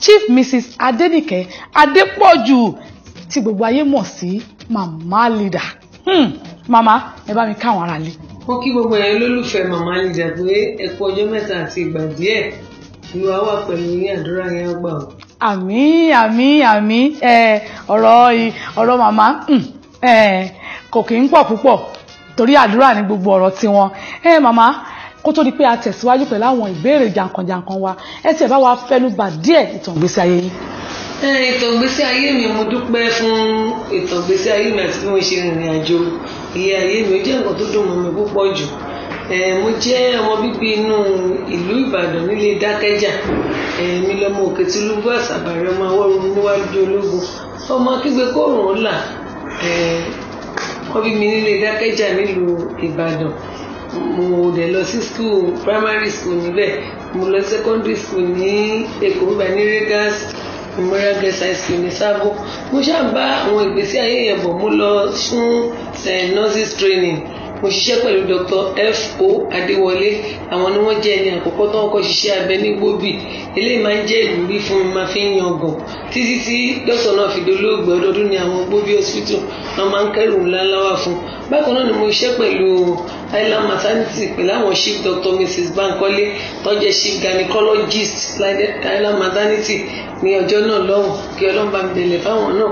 Chief Mrs Adenike Adepoju tí gbogbo ayé mọ̀ sí màmá leader màmá ẹ bá mi káwọn ara lé. ó kí gbogbo ẹ̀yin olólùfẹ́ màmá leader pé ẹ kú ọjọ́ mẹ́ta àti ìgbà díẹ̀ ìwà wà pẹ̀lú ní àdúrà yẹn á gbà o. àmín àmín àmín ọ̀rọ̀ ọ̀rọ̀ màmá hmm, kò kì í pọ̀ púpọ̀ torí àdúrà ní gbogbo ọ̀rọ̀ tiwọn. ẹ màmá kó tó di pé a tẹ̀síwájú pẹ̀lú àwọn ìbéèrè jàǹkànjàǹkàn wa ẹ tiẹ̀ bá wa fẹ́nu bà díẹ̀ ìtàn ìgbésí ayé yín. ìtàn ìgbésí ayé mi mo dúpẹ́ fún ìtàn ìgbésí ayé mi àti bí mo ṣe rìnrìn àjò ìyá ayé mi ó jẹ́ nǹkan tó dùn mọ́ mi púpọ̀ jù mo jẹ́ ọmọ bíbí inú ìlú Ìbàdàn nílé Dákẹ́jà mi lọ́mọ òkè tí olúbọ̀ àṣàbàrẹ̀ ọmọ awọ́run níwájú ológun ọmọ kígbe kóòrùn ó là wọ́n bí mi nílé Dákẹ́jà nílùú Ìbàdàn mo dẹ̀ lọ sí school primary school níbẹ̀ mo lọ secondary school ní èkó ńgbà ní Regas memorial guest high school ní sábò mo ṣáà bá àwọn ìgbésí ayé yẹn bọ̀ mo lọ fún nurses training mo ṣiṣẹ́ pẹ̀lú Dr. F.O. Adéwọlé àwọn ni wọ́n jẹ́ ẹni àkọ́kọ́ tó ń kọ́ ṣiṣẹ́ abẹ ní gbòbí eléyìí máa ń jẹ́ ìwúrí fún mi máa fi ń yan ọ̀gàn títí tí dọ́sọ̀ náà fi dolóògbé ọdọọdún ní àwọn gbòbí hospital wọ́n máa ń kẹ́rù ńláńlá wá fún bákan náà ni mo ṣiṣẹ́ pẹ̀lú island maternity pẹ̀lú àwọn chief doctor mrs bankole tọ́jẹ́ chief gynecologist island maternity ní ọjọ́ náà lọ́hùn kí ọlọ́run bá mi délẹ̀ fáwọn náà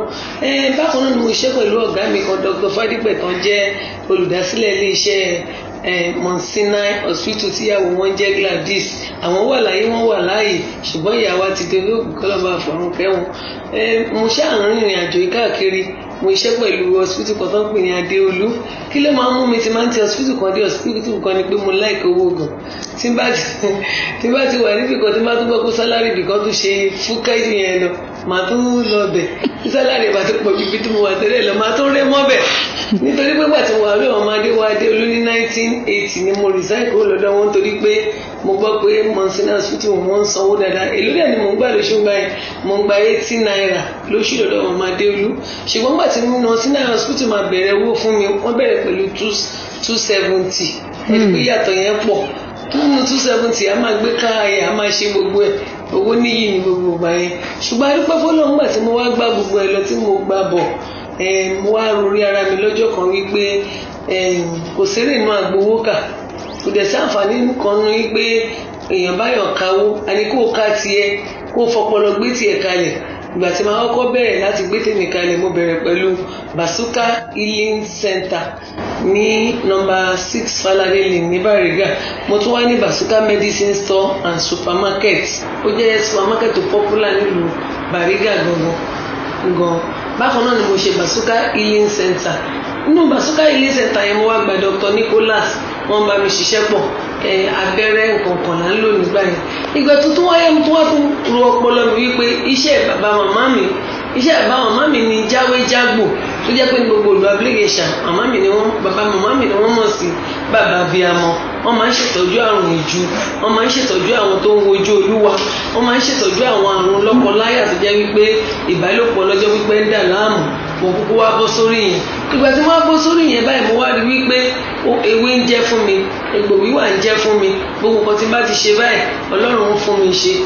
bákan náà ni mo ṣiṣẹ́ pẹ̀lú ọ̀gá mi kan dr fadipẹ̀ kan jẹ́ olùdásílẹ̀ iléeṣẹ́ mount sinai hospital tíyàwó wọn jẹ́ gladys àwọn wà láyé wọn wà láàyè ṣùgbọ́n ìyàwó ti dorí òògùn kọ́lọ́ba àfọ̀rùn kẹ́wọn mo ṣáà ń rìnrìn àjò káàkiri mo iṣẹ́ pẹ̀lú hospital kan tó ń pè ní adéolú kí ló máa ń mú mi ti máa ń ti hospital kan dé hospital kan ni pé mo láìka owó oògùn tí bá ti wà níbi kan tí bá tún gbọ́ pé sálárì nìkan tún ṣe fúkẹ́ẹ̀sì yẹn lọ màá tún lọ bẹ̀ tí sálárì bá tún pọ̀ ju ibi tí mo wà tẹ́lẹ̀ lọ màá tún rẹ́ mọ́ bẹ̀ nítorí pé gbà wà lóyún ọmọ adéwà adéolú ní 1980 ni mo resign kúrò lọ́dọ̀ wọn torí pé mo gbọ́ pé monsina hospital wọ́n ń sanwó dáadáa èlò dẹ̀ ni mò ń gbà lóṣù gbà yẹn mò ń gba eighty naira lóṣù lọ́dọ̀ mama Adéolú ṣùgbọ́n gbà tí monsina hospital máa bẹ̀rẹ̀ owó fún mi wọ́n bẹ̀rẹ̀ pẹ̀lú two seventy hmm. ẹni pé yàtọ̀ yẹn pọ̀ nínú two seventy a máa gbé káàyè a máa ṣe gbogbo ẹ̀ owó níyì ní gbogbo ìgbà yẹn ṣùgbọ́n adúpẹ́ fọlọ́run gbà tí mo wá gbá gbogbo ẹ̀ lọ tí mo gbà bọ̀ eh, mo wá rori ara mi lọ́jọ́ kan wípé eh, kò sérè inú àgbowó kà kò dẹ̀ sáǹfààní kan ní pé èèyàn báyọ̀ kawó àní kó o ká tiẹ̀ kó o fọpọlọ gbé tiẹ̀ kalẹ̀ ìgbà tí màá kọ́kọ́ bẹ̀rẹ̀ láti gbé tèmi kalẹ̀ mo bẹ̀rẹ̀ pẹ̀lú Basuka Healing Center ní nọ́mbà six Falade Lane ní Bariga mo tún wá ní Basuka Medicine Store and Supermarket ó jẹ́ supermarket tó popular nílùú Bariga gangan gan bákan náà ni mo ṣe Basuka Healing Center nínú Basuka Healing Center yẹn mo wá gba Dr. Nicholas wọ́n bá mi ṣiṣẹ́ pọ̀ abẹ́rẹ́ nǹkan kan là ń lò nígbà yẹn ìgbà tuntun wáyé mi tó wá fún ru ọpọlọ mi wípé iṣẹ́ bàbá màmá mi iṣẹ́ bàbá màmá mi ni jáwéjágbò tó jẹ́ pé gbogbo olú abúlégèṣà màmá mi ni wọ́n bàbá màmá mi ni wọ́n mọ̀ sí bàbá abiyamọ wọ́n máa ń ṣètọ́jú àrùn ìjú wọ́n máa ń ṣètọ́jú àwọn tó ń wojú olúwa wọ́n máa ń ṣètọ́jú àwọn àrùn lọ́kọláya tó jẹ́ wípé ìbálòpọ̀ lọ́jọ́ pípẹ́ ń dà láàmú mo kúkú wá bọ́ sórí yẹn ìgbà tí wọ́n bọ́ sórí yẹn báyìí mo wá rí ewé ń jẹ́ fún mi egbò wíwà ń jẹ́ fún mi gbogbo nǹkan tí n bá ti ṣe báyìí ọlọ́run ń fún mi ṣe